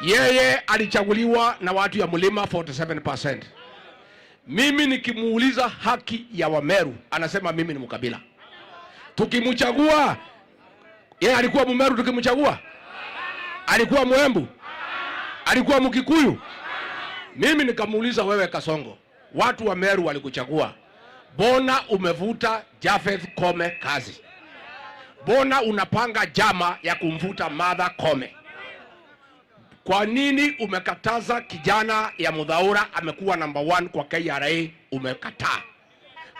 Yeye alichaguliwa na watu ya mlima 47%. Mimi nikimuuliza haki ya Wameru anasema mimi ni mkabila. Tukimchagua yeye alikuwa Mmeru, tukimchagua alikuwa Mwembu, alikuwa Mkikuyu. Mimi nikamuuliza wewe, Kasongo, watu wa Meru walikuchagua, bona umevuta Jafeth Kome kazi? Bona unapanga jama ya kumvuta Martha Kome? Kwa nini umekataza kijana ya Mudhaura amekuwa namba one kwa KRA? Umekataa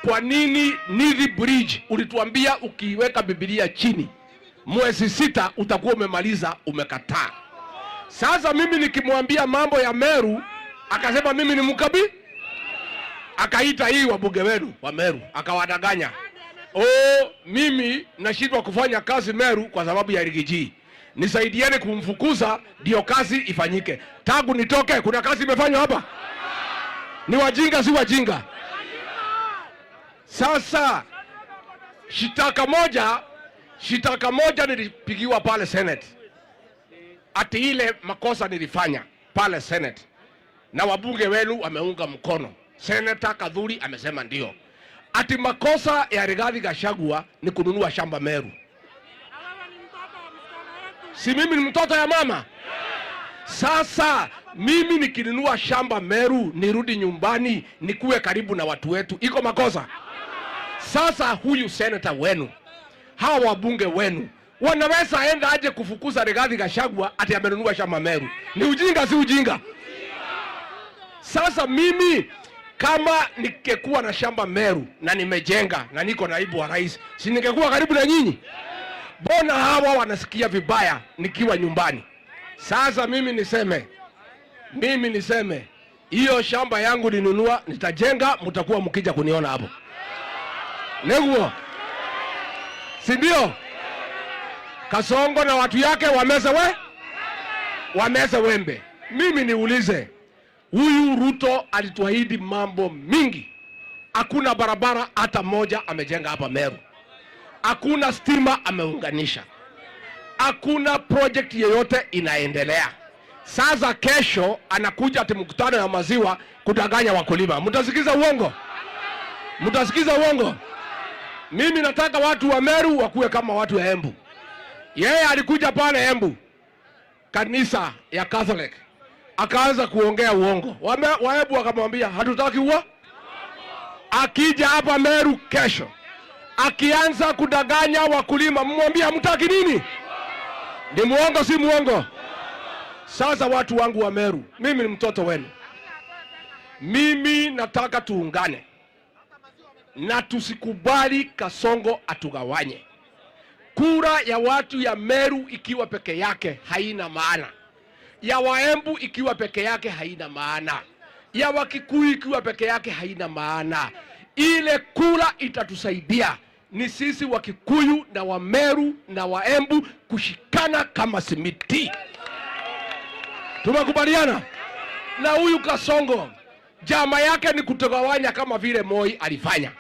kwa nini? Nithi Bridge ulituambia ukiweka Biblia chini mwezi sita utakuwa umemaliza, umekataa. Sasa mimi nikimwambia mambo ya Meru akasema mimi ni mkabi, akaita hii wabunge wenu wa Meru akawadanganya. Oh, mimi nashindwa kufanya kazi Meru kwa sababu ya Rigiji nisaidieni kumfukuza ndiyo kazi ifanyike. Tangu nitoke kuna kazi imefanywa hapa? Ni wajinga, si wajinga? Sasa shitaka moja, shitaka moja nilipigiwa pale Senate, ati ile makosa nilifanya pale Senate na wabunge wenu wameunga mkono. Senata Kadhuri amesema ndio, ati makosa ya Rigathi Gachagua ni kununua shamba Meru si mimi ni mtoto ya mama. Sasa mimi nikinunua shamba Meru nirudi nyumbani nikuwe karibu na watu wetu, iko makosa? Sasa huyu seneta wenu, hawa wabunge wenu wanaweza enda aje kufukuza Rigathi Gachagua ati amenunua shamba Meru? Ni ujinga, si ujinga? Sasa mimi kama nikekuwa na shamba Meru na nimejenga na niko naibu wa rais, si ningekuwa karibu na nyinyi? mbona hawa wanasikia vibaya nikiwa nyumbani? Sasa mimi niseme, mimi niseme hiyo shamba yangu ninunua, nitajenga, mtakuwa mkija kuniona hapo neguo, si ndio? Kasongo na watu yake wameza we wameza wembe. Mimi niulize, huyu Ruto alituahidi mambo mingi, hakuna barabara hata moja amejenga hapa Meru hakuna stima ameunganisha, hakuna project yeyote inaendelea. Sasa kesho anakuja ati mkutano ya maziwa kudanganya wakulima. Mtasikiza uongo? Mtasikiza uongo? Mimi nataka watu wa Meru wakuwe kama watu wa Embu. Yeye alikuja pale Embu, kanisa ya Catholic, akaanza kuongea uongo. Waembu wakamwambia hatutaki huo. Akija hapa Meru kesho akianza kudanganya wakulima, mmwambie hamtaki nini? Ni muongo, si muongo? Sasa watu wangu wa Meru, mimi ni mtoto wenu, mimi nataka tuungane na tusikubali Kasongo atugawanye. Kura ya watu ya Meru ikiwa peke yake haina maana, ya Waembu ikiwa peke yake haina maana, ya Wakikuyu ikiwa peke yake haina maana. Ile kura itatusaidia ni sisi Wakikuyu na Wameru na Waembu kushikana kama simiti. Tumekubaliana na huyu Kasongo, jama yake ni kutogawanya kama vile Moi alifanya.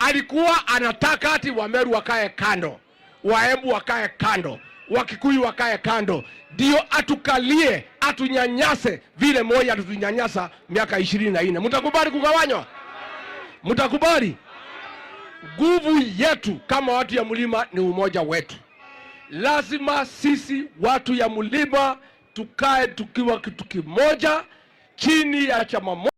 Alikuwa anataka ati Wameru wakae kando, Waembu wakae kando, Wakikuyu wakae kando, ndio atukalie atunyanyase vile Moi atutunyanyasa miaka ishirini na nne. Mtakubali kugawanywa? Mtakubali? Nguvu yetu kama watu ya mlima ni umoja wetu. Lazima sisi watu ya mlima tukae tukiwa kitu kimoja chini ya chama moja.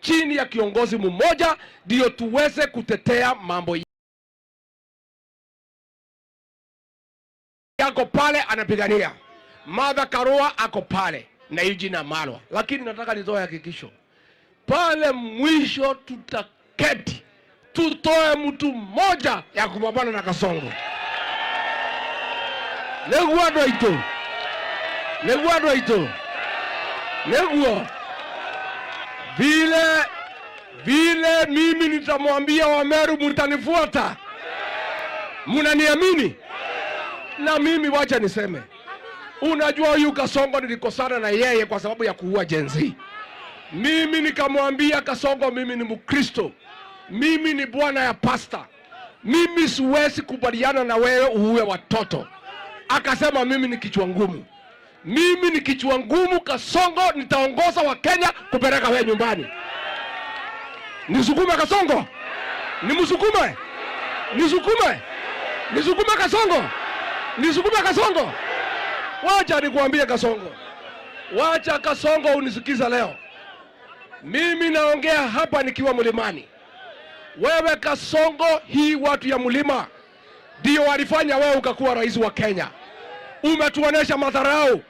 chini ya kiongozi mmoja ndiyo tuweze kutetea mambo yako pale anapigania. Martha Karua ako pale na Eugene Wamalwa, lakini nataka nitoe hakikisho pale mwisho, tutaketi tutoe mtu mmoja ya kupambana na Kasongo neguo andå aitå neguo andå neguo vile vile mimi nitamwambia Wameru, mtanifuata, mnaniamini? Na mimi wacha niseme Unajua huyu Kasongo nilikosana na yeye kwa sababu ya kuua jenzi. Mimi nikamwambia Kasongo, mimi ni Mkristo, mimi ni bwana ya pasta, mimi siwezi kubaliana na wewe uue watoto. Akasema mimi ni kichwa ngumu, mimi ni kichwa ngumu, Kasongo, nitaongoza Wakenya kupeleka wewe nyumbani. Nisukume Kasongo, nimsukume, nisukume, nisukume Kasongo, nisukume Kasongo. Wacha nikuambie Kasongo, wacha Kasongo unisikiza leo. Mimi naongea hapa nikiwa mlimani. Wewe Kasongo, hii watu ya mlima ndio walifanya wewe ukakuwa rais wa Kenya. Umetuonesha madharau,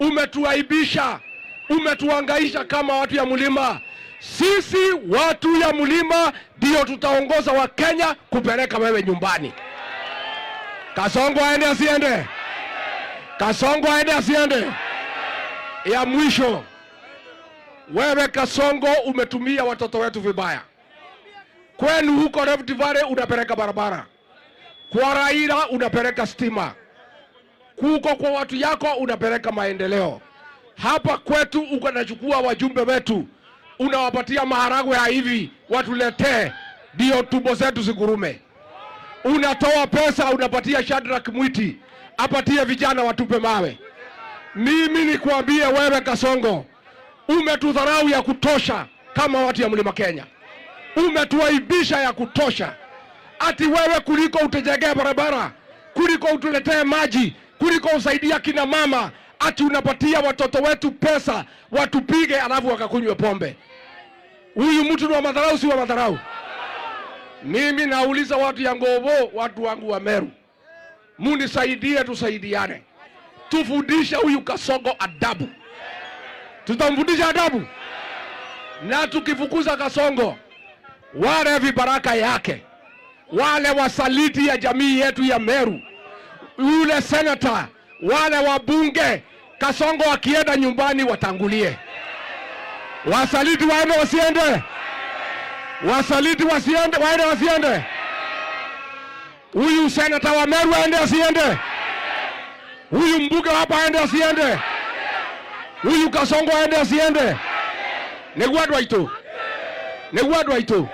umetuaibisha, umetuangaisha kama watu ya mlima. Sisi watu ya mlima ndio tutaongoza wa Kenya kupeleka wewe nyumbani. Kasongo aende asiende? Kasongo aende asiende? Ya mwisho, wewe Kasongo umetumia watoto wetu vibaya. Kwenu huko Rift Valley unapeleka barabara, kwa Raila unapeleka stima, kuko kwa watu yako unapeleka maendeleo. Hapa kwetu uko nachukua wajumbe wetu unawapatia maharagwe ya hivi watuletee, ndio tumbo zetu zigurume. Unatoa pesa unapatia Shadrack Mwiti apatie vijana watupe mawe. Mimi nikuambie wewe Kasongo, umetudharau ya kutosha kama watu ya mlima Kenya, umetuaibisha ya kutosha. Ati wewe kuliko utejegea barabara, kuliko utuletee maji, kuliko usaidia kina mama, ati unapatia watoto wetu pesa watupige, alafu wakakunywe pombe. Huyu mtu ni wa madharau, si wa madharau? Mimi nauliza watu ya Ngobo, watu wangu wa Meru munisaidie, tusaidiane, tufundishe huyu Kasongo adabu. Tutamfundisha adabu, na tukifukuza Kasongo wale vibaraka yake, wale wasaliti ya jamii yetu ya Meru, yule senata, wale wabunge, Kasongo akienda nyumbani watangulie. Wasaliti waende wasiende, wasaliti wasiende, waende wasiende. Huyu senata wa Meru aende asiende? Huyu mbunge hapa aende asiende? Huyu Kasongo aende asiende? Negua Ndwaitũ, negua Ndwaitũ.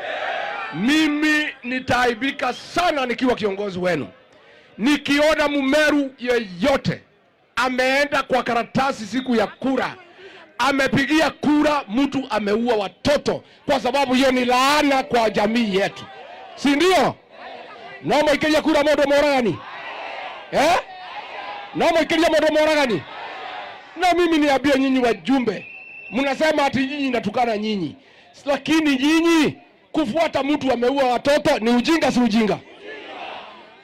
Mimi nitaaibika sana nikiwa kiongozi wenu nikiona mumeru yeyote ameenda kwa karatasi siku ya kura, amepigia kura mtu ameua watoto, kwa sababu hiyo ni laana kwa jamii yetu, si ndio? no muikirie kura mundu muragani eh? no muikirie mundu muragani na mimi niambie nyinyi wajumbe, mnasema ati nyinyi natukana nyinyi, lakini nyinyi kufuata mtu ameua watoto ni ujinga, si ujinga?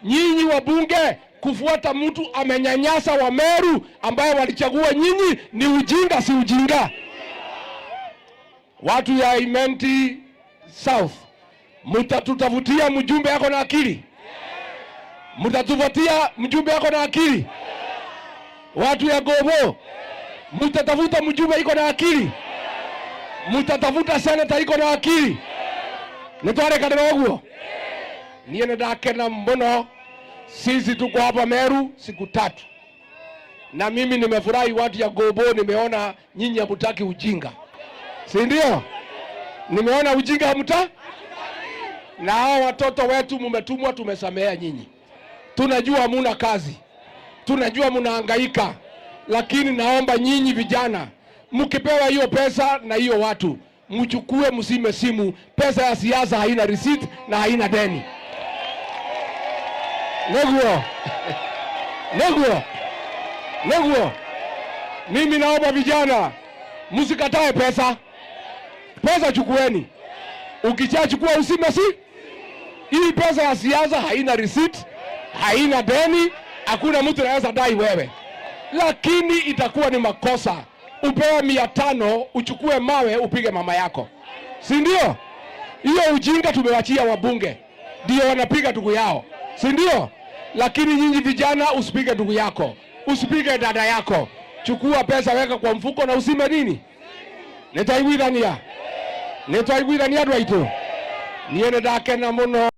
Nyinyi wabunge kufuata mtu amenyanyasa Meru ambaye walichagua nyinyi ni ujinga, si ujinga? Watu ya Imenti South, mtatutafutia mjumbe yako na akili mtatupatia mjumbe yako na akili. Watu ya Gobo, mtatafuta mjumbe iko na akili, mtatafuta seneta iko na akili. nitwarekanira uguo niĩ nĩ ndakena mũno. Sisi tuko hapa Meru siku tatu, na mimi nimefurahi. Watu ya Gobo, nimeona nyinyi hamtaki ujinga, si ndio? Nimeona ujinga hamta, na hao watoto wetu mumetumwa tumesamea nyinyi tunajua muna kazi, tunajua munahangaika, lakini naomba nyinyi vijana, mkipewa hiyo pesa na hiyo watu mchukue, msime simu. Pesa ya siasa haina receipt na haina deni. Neguo, neguo, neguo. Mimi naomba vijana msikatae pesa, pesa chukueni. Ukichachukua usime si hii pesa ya siasa haina receipt haina deni, hakuna mtu anaweza dai wewe, lakini itakuwa ni makosa upewe mia tano uchukue mawe upige mama yako, si ndio? Hiyo ujinga tumewachia wabunge, ndio wanapiga ndugu yao, si ndio? Lakini nyinyi vijana, usipige ndugu yako, usipige dada yako. Chukua pesa, weka kwa mfuko na usime nini. netaiguithania netaiguithania dwaitu niene nie muno